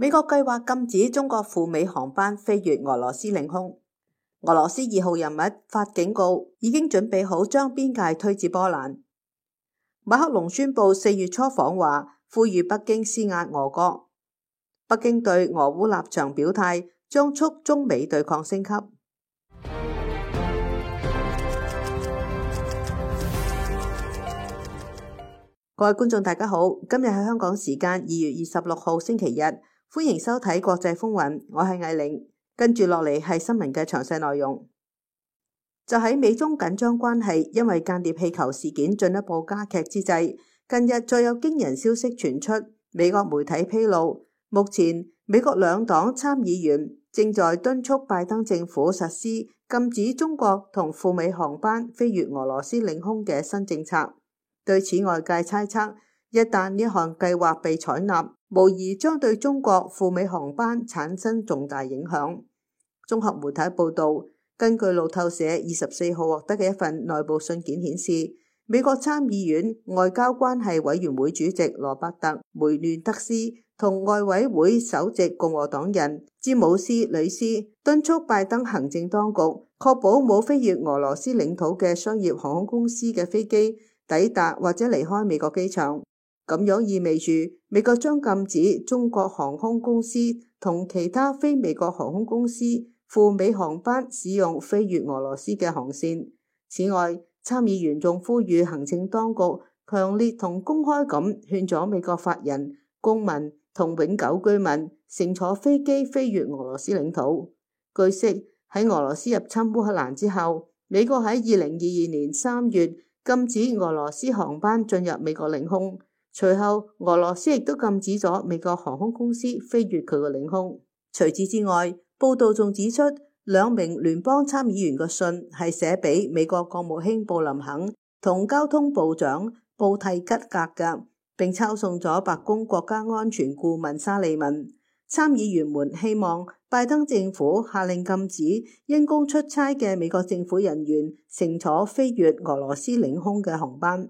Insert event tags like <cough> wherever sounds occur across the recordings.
美國計劃禁止中國赴美航班飛越俄羅斯領空，俄羅斯二號人物發警告，已經準備好將邊界推至波蘭。馬克龍宣布四月初訪華，呼籲北京施壓俄國。北京對俄烏立場表態，將促中美對抗升級。 <music> 各位觀眾大家好，今日係香港時間二月二十六號星期日。歡迎收睇國際風雲，我係艾凌。跟住落嚟係新聞嘅詳細內容。就喺美中緊張關係因為間諜氣球事件進一步加劇之際，近日再有驚人消息傳出。美國媒體披露，目前美國兩黨參議員正在敦促拜登政府實施禁止中國同赴美航班飛越俄羅斯領空嘅新政策。對此外界猜測，一旦呢項計劃被採納，無疑將對中國赴美航班產生重大影響。綜合媒體報道，根據路透社二十四號獲得嘅一份內部信件顯示，美國參議院外交關係委員會主席羅伯特梅嫩德斯同外委會首席共和黨人詹姆斯里斯敦促拜登行政當局確保冇飛越俄羅斯領土嘅商業航空公司嘅飛機抵達或者離開美國機場。咁樣意味住美國將禁止中國航空公司同其他非美國航空公司赴美航班使用飛越俄羅斯嘅航線。此外，參議員仲呼籲行政當局強烈同公開咁勸阻美國法人、公民同永久居民乘坐飛機飛越俄羅斯領土。據悉，喺俄羅斯入侵烏克蘭之後，美國喺二零二二年三月禁止俄羅斯航班進入美國領空。隨後，俄羅斯亦都禁止咗美國航空公司飛越佢嘅領空。除此之外，報道仲指出，兩名聯邦參議員嘅信係寫俾美國國務卿布林肯同交通部長布蒂吉格嘅，並抄送咗白宮國家安全顧問沙利文。參議員們希望拜登政府下令禁止因公出差嘅美國政府人員乘坐飛越俄羅斯領空嘅航班。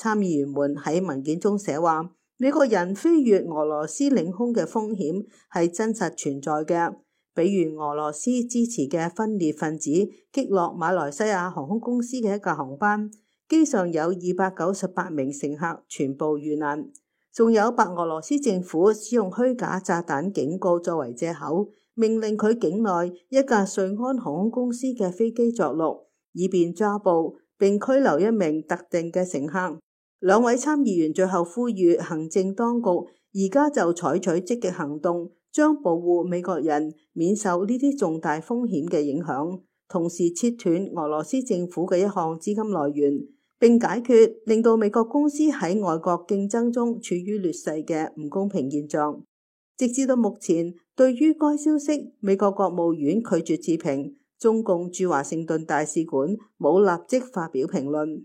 參議員們喺文件中寫話：美國人飛越俄羅斯領空嘅風險係真實存在嘅，比如俄羅斯支持嘅分裂分子擊落馬來西亞航空公司嘅一架航班，機上有二百九十八名乘客全部遇難。仲有白俄羅斯政府使用虛假炸彈警告作為借口，命令佢境內一架瑞安航空公司嘅飛機着陸，以便抓捕並拘留一名特定嘅乘客。兩位參議員最後呼籲行政當局而家就採取積極行動，將保護美國人免受呢啲重大風險嘅影響，同時切斷俄羅斯政府嘅一項資金來源，並解決令到美國公司喺外國競爭中處於劣勢嘅唔公平現象。直至到目前，對於該消息，美國國務院拒絕置評，中共駐華盛頓大使館冇立即發表評論。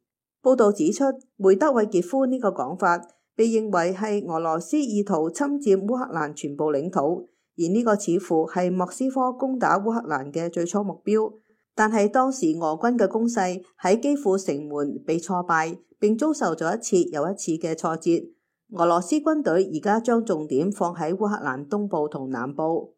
報導指出，梅德韋傑夫呢個講法被認為係俄羅斯意圖侵佔烏克蘭全部領土，而呢個似乎係莫斯科攻打烏克蘭嘅最初目標。但係當時俄軍嘅攻勢喺基輔城門被挫敗，並遭受咗一次又一次嘅挫折。俄羅斯軍隊而家將重點放喺烏克蘭東部同南部。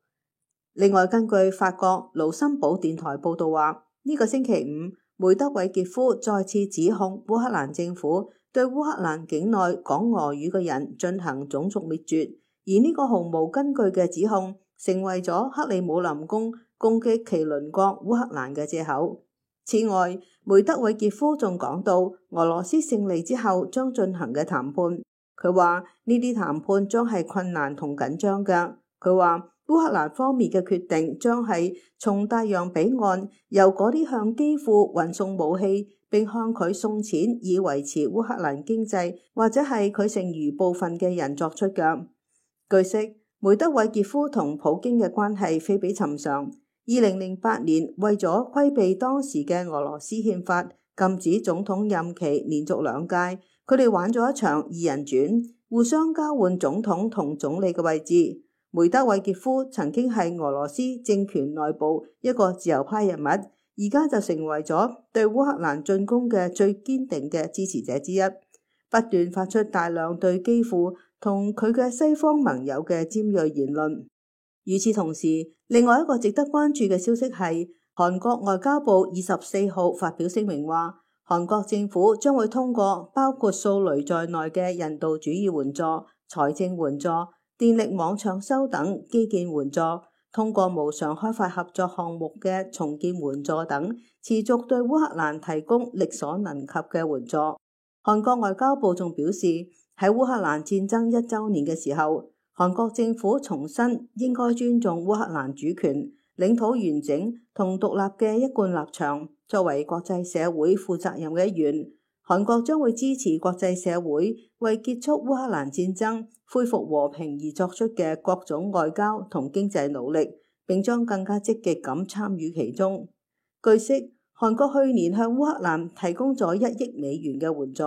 另外，根據法國盧森堡電台報導話，呢個星期五，梅德韋傑夫再次指控烏克蘭政府對烏克蘭境內講俄語嘅人進行種族滅絕，而呢個毫無根據嘅指控，成為咗克里姆林宮攻擊其鄰國烏克蘭嘅借口。此外，梅德韋傑夫仲講到俄羅斯勝利之後將進行嘅談判，佢話呢啲談判將係困難同緊張嘅。佢話。烏克蘭方面嘅決定，將係從大洋彼岸由嗰啲向基輔運送武器並向佢送錢以維持烏克蘭經濟，或者係佢剩餘部分嘅人作出嘅。據悉，梅德韋傑夫同普京嘅關係非比尋常。二零零八年為咗規避當時嘅俄羅斯憲法禁止總統任期連續兩屆，佢哋玩咗一場二人轉，互相交換總統同總理嘅位置。梅德韋傑夫曾經係俄羅斯政權內部一個自由派人物，而家就成為咗對烏克蘭進攻嘅最堅定嘅支持者之一，不斷發出大量對基輔同佢嘅西方盟友嘅尖銳言論。與此同時，另外一個值得關注嘅消息係韓國外交部二十四號發表聲明話，韓國政府將會通過包括掃雷在內嘅人道主義援助、財政援助，電力網搶修等基建援助，通過無償開發合作項目嘅重建援助等，持續對烏克蘭提供力所能及嘅援助。韓國外交部仲表示，喺烏克蘭戰爭一周年嘅時候，韓國政府重申應該尊重烏克蘭主權、領土完整同獨立嘅一貫立場，作為國際社會負責任嘅一員。韓國將會支持國際社會為結束烏克蘭戰爭、恢復和平而作出嘅各種外交同經濟努力，並將更加積極咁參與其中。據悉，韓國去年向烏克蘭提供咗一億美元嘅援助，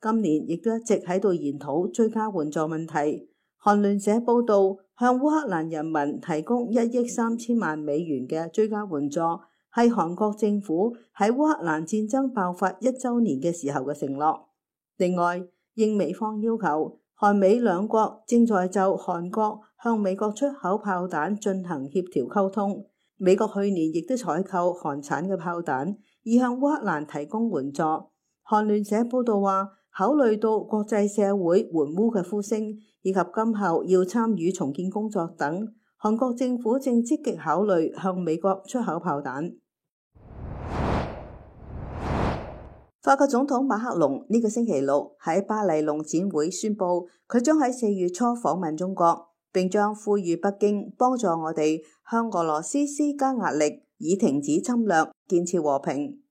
今年亦都一直喺度研討追加援助問題。韓聯社報道，向烏克蘭人民提供一億三千萬美元嘅追加援助。係韓國政府喺烏克蘭戰爭爆發一周年嘅時候嘅承諾。另外，應美方要求，韓美兩國正在就韓國向美國出口炮彈進行協調溝通。美國去年亦都採購韓產嘅炮彈，已向烏克蘭提供援助。韓聯社報道話，考慮到國際社會援烏嘅呼聲，以及今後要參與重建工作等，韓國政府正積極考慮向美國出口炮彈。法國總統馬克龍呢個星期六喺巴黎農展會宣布，佢將喺四月初訪問中國並將呼籲北京幫助我哋向俄羅斯施加壓力以停止侵略、建設和平。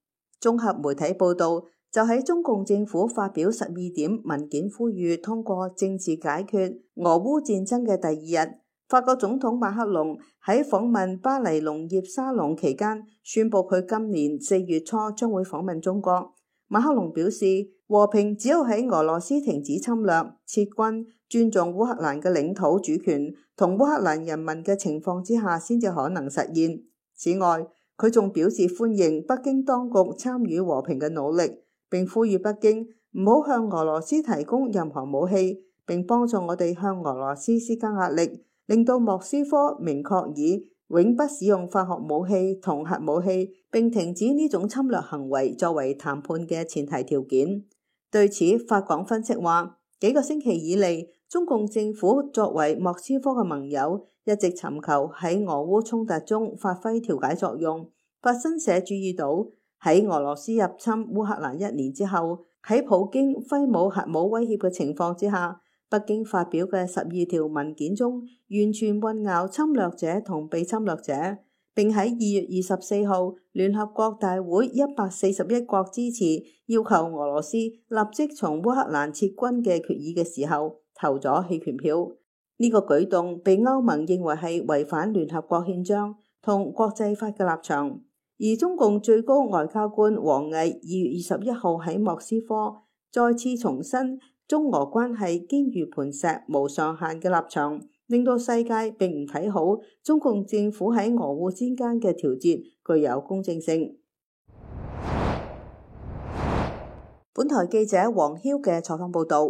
綜合媒體報道，就喺中共政府發表十二點文件呼籲通過政治解決俄烏戰爭嘅第二日，法國總統馬克龍喺訪問巴黎農業沙龍期間宣布，佢今年四月初將會訪問中國。馬克龍表示，和平只有喺俄羅斯停止侵略、撤軍、尊重烏克蘭嘅領土主權同烏克蘭人民嘅情況之下，先至可能實現。此外，佢仲表示歡迎北京當局參與和平嘅努力，並呼籲北京唔好向俄羅斯提供任何武器，並幫助我哋向俄羅斯施加壓力，令到莫斯科明確以永不使用化學武器同核武器，並停止呢種侵略行為作為談判嘅前提條件。對此，法廣分析話，幾個星期以嚟，中共政府作為莫斯科嘅盟友，一直尋求喺俄烏衝突中發揮調解作用。法新社注意到，喺俄羅斯入侵烏克蘭一年之後，喺普京揮舞核武威脅嘅情況之下。北京發表嘅十二條文件中，完全混淆侵略者同被侵略者。並喺二月二十四號聯合國大會一百四十一國支持要求俄羅斯立即從烏克蘭撤軍嘅決議嘅時候，投咗棄權票。呢個舉動被歐盟認為係違反聯合國憲章同國際法嘅立場。而中共最高外交官王毅二月二十一號喺莫斯科再次重申。中俄關係堅如磐石，無上限嘅立場令到世界並唔睇好中共政府喺俄烏之間嘅調節具有公正性。 <noise> 本台記者黃謙嘅採訪報道。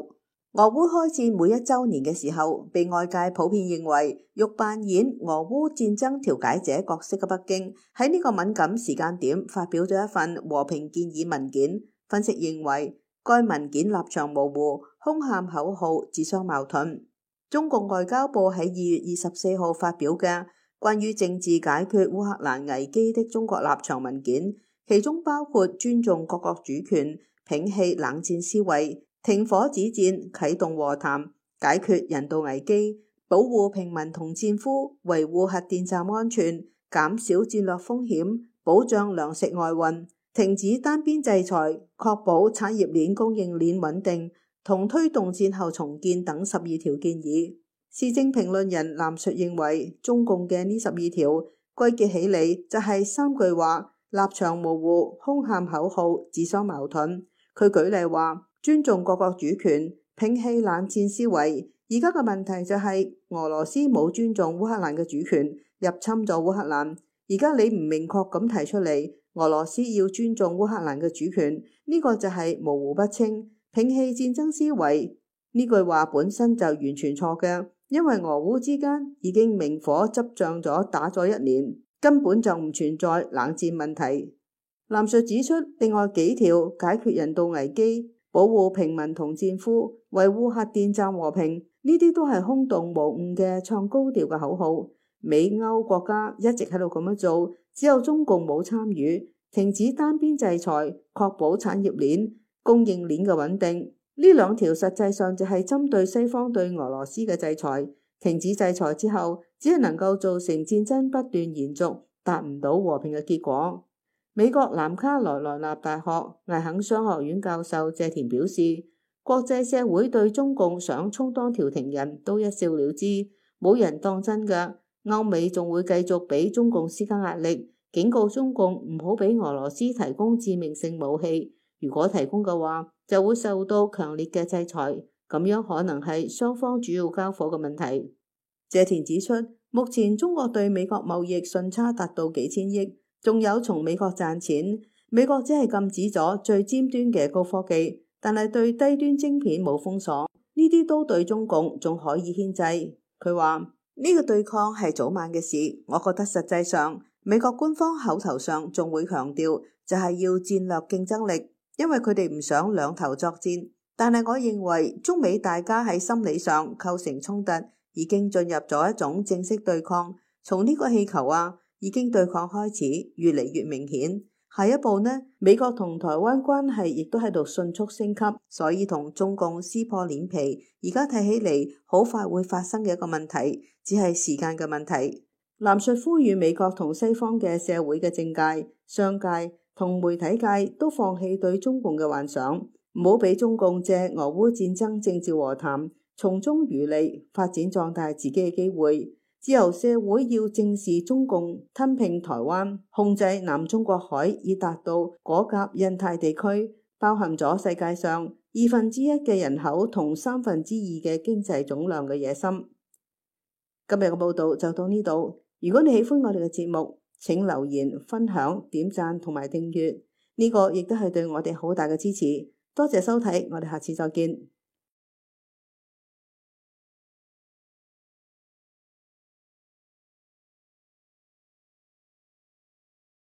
俄烏開戰每一周年嘅時候，被外界普遍認為欲扮演俄烏戰爭調解者角色嘅北京喺呢個敏感時間點發表咗一份和平建議文件，分析認為。該文件立場模糊，空喊口號，自相矛盾。中共外交部喺二月二十四號發表嘅關於政治解決烏克蘭危機的中國立場文件，其中包括尊重各國主權、摒棄冷戰思維、停火止戰、啟動和談、解決人道危機、保護平民同戰俘、維護核電站安全、減少戰略風險、保障糧食外運。停止單邊制裁，確保產業鏈供應鏈穩定，同推動戰後重建等十二條建議。時政評論人藍述認為，中共嘅呢十二條歸結起嚟就係三句話：立場模糊、空喊口號、自相矛盾。佢舉例話，尊重各國主權、摒棄冷戰思維。而家嘅問題就係、是、俄羅斯冇尊重烏克蘭嘅主權，入侵咗烏克蘭。而家你唔明確咁提出嚟。俄羅斯要尊重烏克蘭嘅主權，呢、這個就係模糊不清。摒棄戰爭思維呢句話本身就完全錯嘅，因為俄烏之間已經明火執仗咗打咗一年，根本就唔存在冷戰問題。藍述指出，另外幾條解決人道危機、保護平民同戰俘、維護核電站和平呢啲都係空洞無誤嘅唱高調嘅口號。美歐國家一直喺度咁樣做。只有中共冇參與，停止單邊制裁，確保產業鏈、供應鏈嘅穩定，呢兩條實際上就係針對西方對俄羅斯嘅制裁。停止制裁之後，只係能夠造成戰爭不斷延續，達唔到和平嘅結果。美國南卡羅來納大學艾肯商學院教授謝田表示：國際社會對中共想充當調停人都一笑了之，冇人當真㗎。歐美仲會繼續俾中共施加壓力，警告中共唔好俾俄羅斯提供致命性武器。如果提供嘅話，就會受到強烈嘅制裁。咁樣可能係雙方主要交火嘅問題。謝田指出，目前中國對美國貿易順差達到幾千億，仲有從美國賺錢。美國只係禁止咗最尖端嘅高科技，但係對低端晶片冇封鎖。呢啲都對中共仲可以牽制。佢話：呢個對抗係早晚嘅事，我覺得實際上美國官方口頭上仲會強調就係要戰略競爭力，因為佢哋唔想兩頭作戰。但係我認為中美大家喺心理上構成衝突，已經進入咗一種正式對抗，從呢個氣球啊已經對抗開始，越嚟越明顯。下一步呢？美國同台灣關係亦都喺度迅速升級，所以同中共撕破臉皮。而家睇起嚟，好快會發生嘅一個問題，只係時間嘅問題。藍述呼籲美國同西方嘅社會嘅政界、商界同媒體界都放棄對中共嘅幻想，唔好俾中共借俄烏戰爭政治和談，從中漁利，發展壯大自己嘅機會。自由社會要正視中共吞併台灣、控制南中國海，以達到果夾印太地區，包含咗世界上二分之一嘅人口同三分之二嘅經濟總量嘅野心。今日嘅報道就到呢度。如果你喜歡我哋嘅節目，請留言、分享、點讚同埋訂閱，呢個亦都係對我哋好大嘅支持。多謝收睇，我哋下次再見。